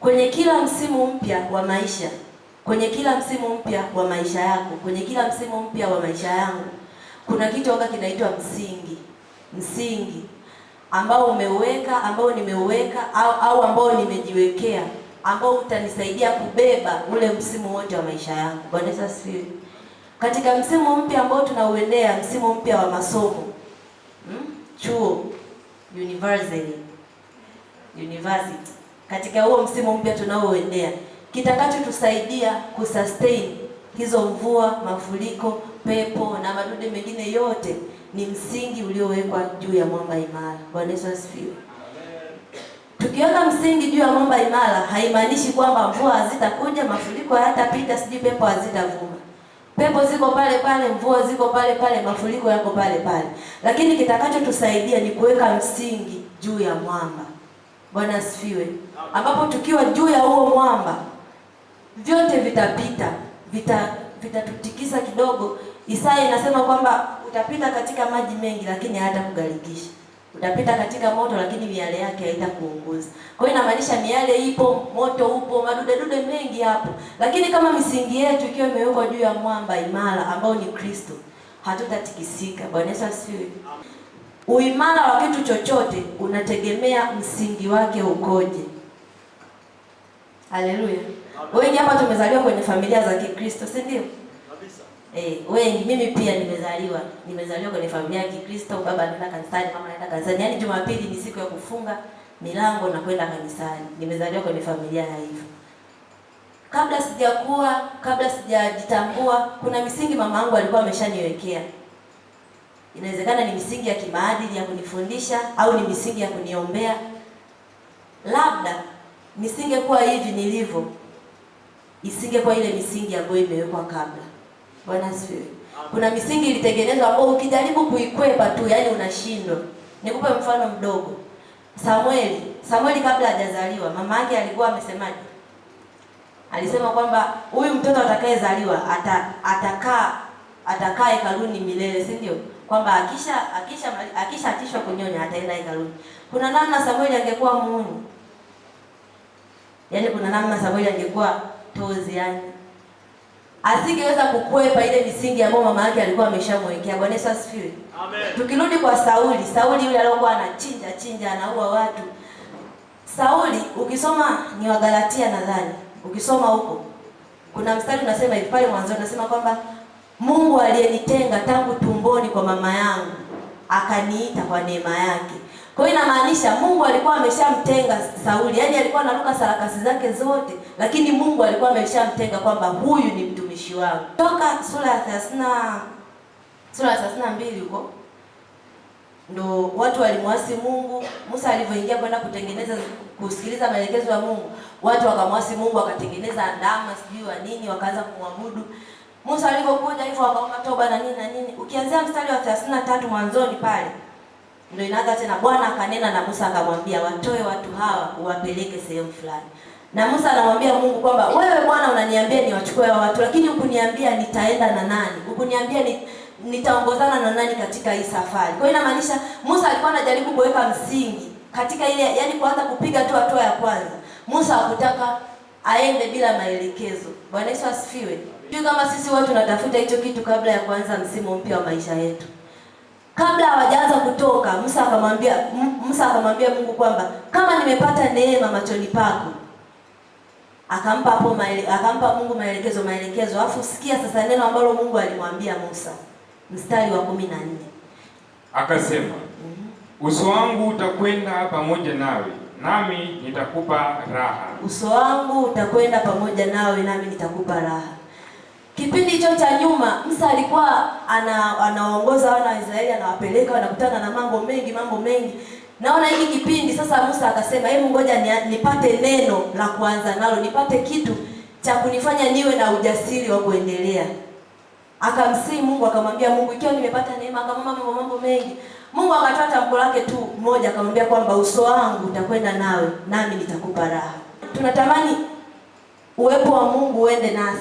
kwenye kila msimu mpya wa maisha, kwenye kila msimu mpya wa maisha yako, kwenye kila msimu mpya wa maisha yangu, kuna kitu aka kinaitwa msingi. Msingi ambao umeuweka, ambao nimeuweka, au, au ambao nimejiwekea, ambao utanisaidia kubeba ule msimu wote wa maisha yangu. Bwana asifiwe. Katika msimu mpya ambao tunauendea, msimu mpya wa masomo hmm? chuo university university katika huo msimu mpya tunaoendea, kitakachotusaidia kusustain hizo mvua, mafuriko, pepo na madudu mengine yote ni msingi uliowekwa juu ya mwamba imara. Bwana Yesu asifiwe. Tukiweka msingi juu ya mwamba imara, haimaanishi kwamba mvua hazitakuja, mafuriko hayatapita, sijui pepo hazitavuma. Pepo ziko pale pale, mvua ziko pale pale, mafuriko yako pale pale, lakini kitakachotusaidia ni kuweka msingi juu ya mwamba. Bwana asifiwe. Ambapo tukiwa juu ya huo mwamba vyote vitapita, vitatutikisa vita kidogo. Isaya inasema kwamba utapita katika maji mengi, lakini hayatakugarikisha. Utapita katika moto, lakini miale yake haitakuunguza. Kwa hiyo inamaanisha miale ipo, moto upo, madudedude mengi hapo, lakini kama misingi yetu ikiwa imewekwa juu ya mwamba imara ambao ni Kristo, hatutatikisika. Bwana Yesu asifiwe. Uimara wa kitu chochote unategemea msingi wake ukoje. Haleluya! Wengi hapa tumezaliwa kwenye familia za Kikristo, si ndio? Kabisa. Eh, wengi mimi pia nimezaliwa, nimezaliwa kwenye familia ya Kikristo, baba anaenda kanisani, mama anaenda kanisani. Yaani Jumapili ni siku ya kufunga milango na kwenda kanisani. Nimezaliwa kwenye familia ya hivyo. Kabla sijakuwa, kabla sijajitambua, kuna misingi mama yangu alikuwa ameshaniwekea. Inawezekana ni misingi ya kimaadili ya kunifundisha au ni misingi ya kuniombea, labda nisingekuwa hivi nilivyo, isingekuwa ile misingi ambayo imewekwa kabla. Bwana asifiwe. Kuna misingi ilitengenezwa ambayo ukijaribu kuikwepa tu, yani unashindwa. Nikupe mfano mdogo. Samueli, Samueli kabla hajazaliwa mama yake alikuwa amesemaje? Alisema kwamba huyu mtoto atakayezaliwa ata, atakaa atakaa hekaluni milele, si ndio? Kwamba akisha akisha akishaatishwa kunyonya ataenda hekaluni. Kuna namna Samueli angekuwa muuni, yaani kuna namna Samueli angekuwa tozi, yani asingeweza kukwepa ile misingi ambayo mama yake alikuwa ameshamwekea. Bwana Yesu asifiwe. Amen. Tukirudi kwa Sauli, Sauli yule aliyokuwa anachinja chinja anaua watu. Sauli ukisoma ni Wagalatia nadhani, ukisoma huko kuna mstari unasema hivi pale mwanzo unasema kwamba Mungu aliyenitenga tangu tumboni kwa mama yangu akaniita kwa neema yake. Kwa hiyo inamaanisha Mungu alikuwa ameshamtenga Sauli, yaani alikuwa anaruka sarakasi zake zote, lakini Mungu alikuwa ameshamtenga kwamba huyu ni mtumishi wangu. Toka sura ya 30 sura ya 32 huko ndo watu walimwasi Mungu. Musa alivyoingia kwenda kutengeneza kusikiliza maelekezo ya Mungu, watu wakamwasi Mungu, wakatengeneza ndama sijui wa nini, wakaanza kumwabudu Musa alivyokuja hivyo wakaomba toba na nini na nini. Ukianzia mstari wa 33 mwanzoni pale ndio inaanza tena, Bwana akanena na Musa akamwambia, watoe watu hawa uwapeleke sehemu fulani. Na Musa anamwambia Mungu kwamba wewe Bwana unaniambia niwachukue hawa watu, lakini ukuniambia nitaenda na nani? Ukuniambia ni nitaongozana na nani katika hii safari? Kwa hiyo inamaanisha Musa alikuwa anajaribu kuweka msingi katika ile, yani kuanza kupiga tu hatua ya kwanza. Musa hakutaka aende bila maelekezo. Bwana Yesu asifiwe. Sijui kama sisi watu tunatafuta hicho kitu kabla ya kuanza msimu mpya wa maisha yetu. Kabla hawajaanza kutoka, Musa akamwambia Musa akamwambia Mungu kwamba kama nimepata neema machoni pako, akampa hapo maele, akampa Mungu maelekezo maelekezo. Alafu sikia sasa neno ambalo Mungu alimwambia Musa, mstari wa kumi na nne akasema mm -hmm. uso wangu utakwenda pamoja nawe nami nitakupa raha. Uso wangu utakwenda pamoja nawe nami nitakupa raha. Kipindi hicho cha nyuma Musa alikuwa anawaongoza wana wa Israeli, anawapeleka wanakutana na mambo mengi, mambo mengi. Naona hiki kipindi sasa, Musa akasema, hebu ngoja nipate neno la kuanza nalo, nipate kitu cha kunifanya niwe na ujasiri wa kuendelea. Akamsii Mungu, akamwambia Mungu, ikiwa nimepata neema, akamwambia mambo mambo mengi. Mungu akatoa tamko lake tu moja, akamwambia kwamba uso wangu utakwenda nawe, nami nitakupa raha. Tunatamani uwepo wa Mungu uende nasi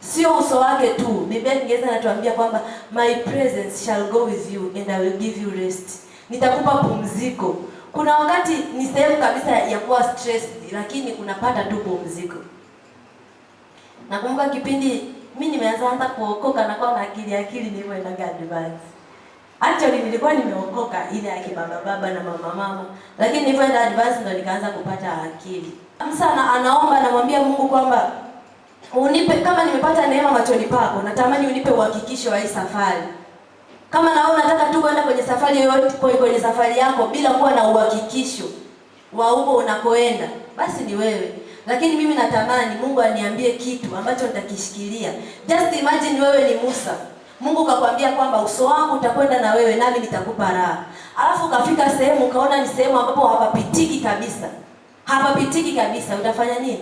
sio uso wake tu. Biblia Kiingereza anatuambia kwamba my presence shall go with you and I will give you rest, nitakupa pumziko. Kuna wakati ni sehemu kabisa ya kuwa stressed, lakini unapata tu pumziko. Nakumbuka kipindi mimi nimeanza anza kuokoka na kwa akili akili akili, nilipoenda Advance. Actually nilikuwa nimeokoka ile ya baba baba na mama mama, lakini nilipoenda Advance ndo nikaanza kupata akili. Msana anaomba anamwambia Mungu kwamba Unipe kama nimepata neema machoni pako, natamani unipe uhakikisho wa hii safari. Kama na wewe unataka tu kwenda kwenye safari yoyote, kwenye safari yako bila kuwa na uhakikisho wa huko unakoenda, basi ni wewe. Lakini mimi natamani Mungu aniambie kitu ambacho nitakishikilia. Just imagine wewe ni Musa. Mungu kakwambia kwamba uso wangu utakwenda na wewe nami nitakupa raha. Alafu kafika sehemu ukaona ni sehemu ambapo hapapitiki kabisa. Hapapitiki kabisa, utafanya nini?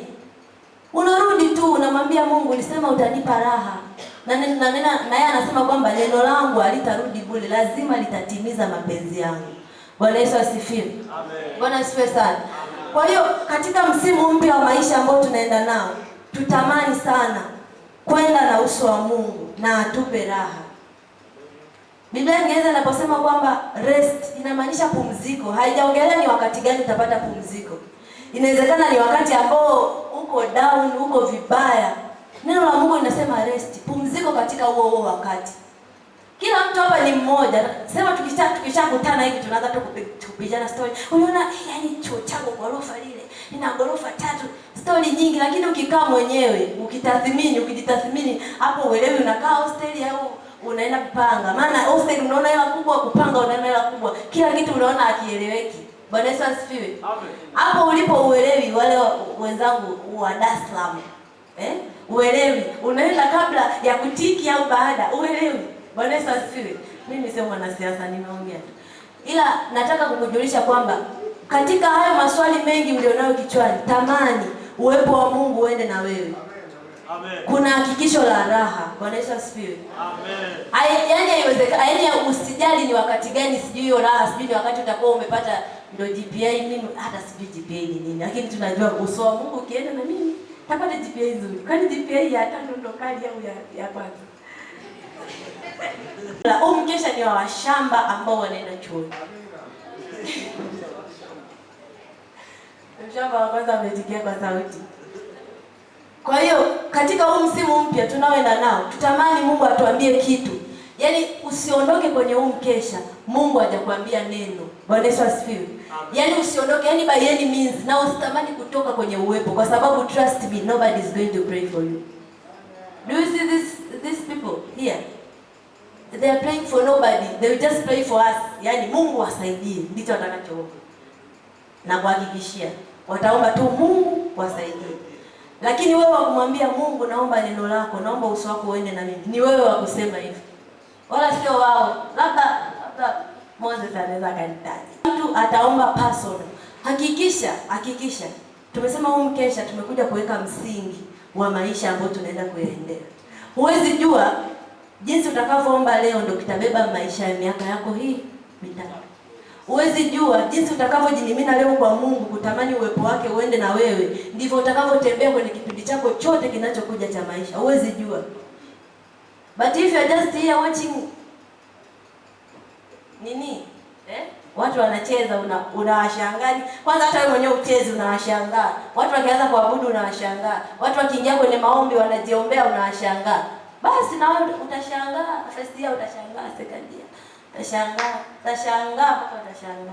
Unarudi tu unamwambia Mungu, ulisema utanipa raha na na yeye anasema kwamba neno langu halitarudi bure, lazima litatimiza mapenzi yangu. Bwana Yesu asifiwe. Amen. Bwana asifiwe sana. Kwa hiyo katika msimu mpya wa maisha ambao tunaenda nao, tutamani sana kwenda na uso wa Mungu na atupe raha. Biblia ingeweza inaposema kwamba rest inamaanisha pumziko, haijaongelea ni wakati gani utapata pumziko. Inawezekana ni wakati ambao uko down, uko vibaya. Neno la Mungu linasema rest, pumziko katika huo huo wakati. Kila mtu hapa ni mmoja. Sema tukisha tukishakutana hivi tunaanza tu kupigana story. Unaona yani chuo changu ghorofa lile, nina ghorofa tatu, story nyingi lakini ukikaa mwenyewe, ukitathmini, ukijitathmini, hapo uelewi unakaa hosteli au unaenda kupanga. Maana hosteli unaona hela kubwa kupanga unaona hela kubwa. Kila kitu unaona akieleweki. Bwana Yesu asifiwe. Hapo ulipo uelewi, wale wenzangu wa Dar es Salaam eh? Uelewi unaenda kabla ya kutiki au baada, uelewi. Bwana Yesu asifiwe. Mimi sio mwanasiasa, nimeongea tu, ila nataka kukujulisha kwamba katika hayo maswali mengi ulionayo kichwani, tamani uwepo wa Mungu uende na wewe. Amen. Kuna hakikisho la raha. Bwana Yesu asifiwe. Amen. Yaani haiwezekani, yaani usijali ni wakati gani, sijui hiyo raha, sijui ni wakati utakuwa umepata ndio GPA mimi hata sijui GPA ni nini, lakini tunajua uso wa Mungu ukienda na mimi tapata GPA nzuri. Kwani GPA ya tano ndo kali au ya ya kwanza? La, um mkesha ni wa washamba ambao wanaenda chuoni. Mshamba wa kwanza ametikia kwa sauti. Kwa hiyo katika huu msimu mpya tunaoenda nao, tutamani Mungu atuambie kitu Yaani usiondoke kwenye huu mkesha, Mungu hajakwambia neno. Bwana Yesu asifiwe. Yaani usiondoke, yaani by any means, na usitamani kutoka kwenye uwepo, kwa sababu trust me, nobody is going to pray for you. Do you see this these people here? They are praying for nobody. They will just pray for us. Yaani Mungu wasaidie, ndicho watakachoomba. Na kuhakikishia, wataomba tu Mungu wasaidie. Lakini wewe wakumwambia Mungu, naomba neno lako, naomba uso wako uende na mimi. Ni wewe wa kusema hivyo wala sio wao, labda labda Moses anaweza kanitaji. Mtu ataomba personal, hakikisha hakikisha tumesema huu mkesha tumekuja kuweka msingi wa maisha ambayo tunaenda kuyaendea. Huwezi jua jinsi utakavyoomba leo ndio kitabeba maisha ya miaka yako hii mitatu. Huwezi jua jinsi utakavyojinimina leo kwa Mungu, kutamani uwepo wake uende na wewe, ndivyo utakavyotembea kwenye kipindi chako chote kinachokuja cha maisha. Huwezi jua. But if you are just here watching nini eh? Watu wanacheza una una kwanza hata wewe mwenyewe ucheze unawashangaa. Watu wakianza kuabudu unawashangaa. Watu wakiingia kwenye maombi wanajiombea unawashangaa. Basi na wewe utashangaa, first year utashangaa, second year utashangaa, utashangaa mpaka utashangaa.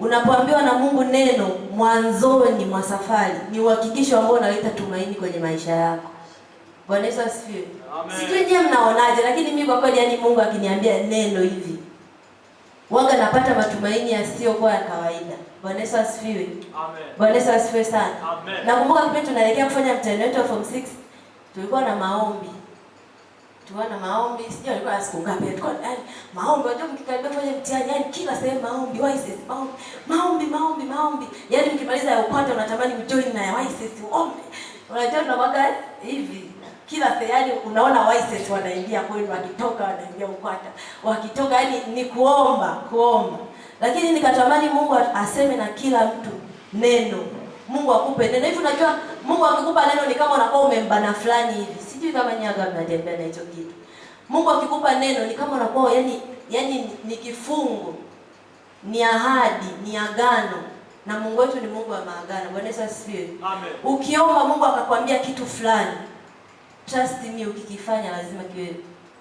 Unapoambiwa na Mungu neno mwanzoni mwa safari, ni uhakikisho ambao unaleta tumaini kwenye maisha yako. Bwana Yesu asifiwe. Sijui nyie mnaonaje, lakini mimi kwa kweli, yani Mungu akiniambia neno hivi wanga napata matumaini yasiyokuwa ya kawaida. Bwana Yesu asifiwe. Amen. Bwana Yesu asifiwe sana. Amen. Nakumbuka kipindi tunaelekea kufanya mtendo wetu wa form 6 tulikuwa na maombi. Tulikuwa na maombi, sijui alikuwa na siku ngapi. Tulikuwa yani maombi, wajua mkikaribia kufanya mtihani yani kila sehemu maombi, wise maombi, maombi, maombi, maombi. Yaani mkimaliza ya upande unatamani mjoin na ya wise ombe. Unajua tunabaga hivi kila sehemu unaona waises wanaingia kwenu, wakitoka wanaingia Ukwata, wakitoka yani ni kuomba kuomba. Lakini nikatamani Mungu aseme na kila mtu neno, Mungu akupe neno hivi. Unajua Mungu akikupa neno ni kama unakuwa umembana fulani hivi, sijui kama nyaga mnatembea na hicho kitu. Mungu akikupa neno ni kama unakuwa yani, yani ni kifungo, ni ahadi, ni agano na Mungu wetu ni Mungu wa maagano. Bwana Yesu asifiwe. Amen. Ukiomba Mungu akakwambia kitu fulani trust me, ukikifanya lazima kiwe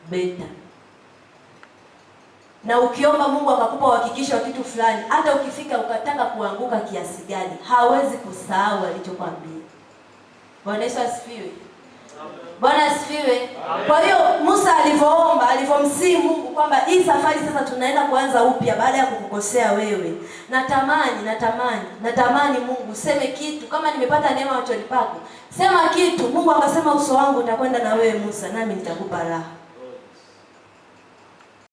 better. Na ukiomba Mungu akakupa uhakikisho wa kitu fulani, hata ukifika ukataka kuanguka kiasi gani, hawezi kusahau alichokwambia. Bwana Yesu asifiwe. Bwana asifiwe. Kwa hiyo Musa alivyoomba alivyomsii Mungu kwamba hii safari sasa tunaenda kuanza upya baada ya kukukosea wewe. Natamani, natamani, natamani Mungu useme kitu. Kama nimepata neema machoni pako, sema kitu. Mungu akasema, uso wangu utakwenda na wewe Musa, nami nitakupa raha.